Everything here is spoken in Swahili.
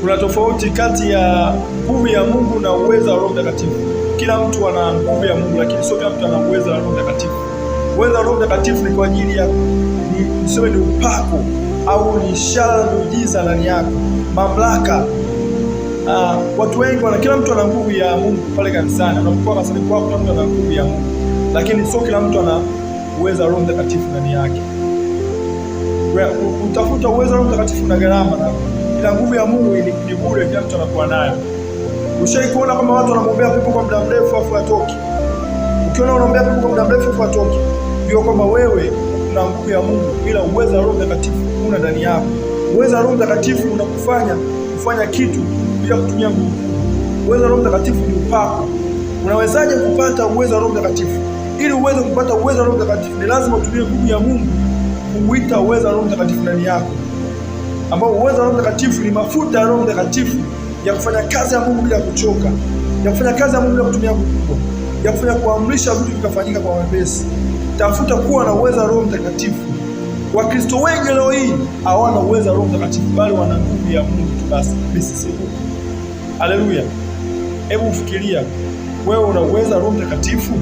Kuna tofauti kati ya nguvu ya Mungu na uwezo wa Roho Mtakatifu. Kila mtu ana nguvu ya Mungu, lakini sio kila mtu ana uwezo wa Roho Mtakatifu. Uwezo wa Roho Mtakatifu ni kwa ajili ya ni, niseme, ni upako au ni ishara miujiza ndani yako, mamlaka. Uh, watu wengi wana, kila mtu ana nguvu ya Mungu pale kanisani, unapokuwa kanisani kwako, kila mtu ana nguvu ya Mungu, lakini sio kila mtu ana uwezo wa Roho Mtakatifu ndani yake. Utafuta uwezo wa Roho Mtakatifu na gharama na ila nguvu ya Mungu ni bure, kila mtu anakuwa nayo. Ushai kuona watu wanamwombea pepo kwa muda mrefu afu atoki? Ukiona unaombea pepo kwa muda mrefu afu atoki, hiyo kwamba wewe una nguvu ya Mungu, ila uwezo wa Roho Mtakatifu una ndani yako. Uwezo wa Roho Mtakatifu unakufanya kufanya kitu bila kutumia nguvu. Uwezo wa Roho Mtakatifu ni upako. Unawezaje kupata uwezo wa Roho Mtakatifu? Ili uweze kupata uwezo wa Roho Mtakatifu ni lazima utumie nguvu ya Mungu kuuita uwezo wa Roho Mtakatifu ndani yako ambao uwezo wa Roho Mtakatifu ni mafuta ya Roho Mtakatifu ya kufanya kazi ya Mungu bila kuchoka, ya kufanya kazi ya Mungu bila kutumia nguvu, ya kufanya kuamrisha vitu vikafanyika kwa wepesi. Tafuta kuwa na uwezo wa Roho Mtakatifu. Wakristo wengi leo hii hawana uwezo wa Roho Mtakatifu, bali wana nguvu ya Mungu tu basi. Haleluya! Hebu ufikiria wewe una uwezo wa Roho Mtakatifu?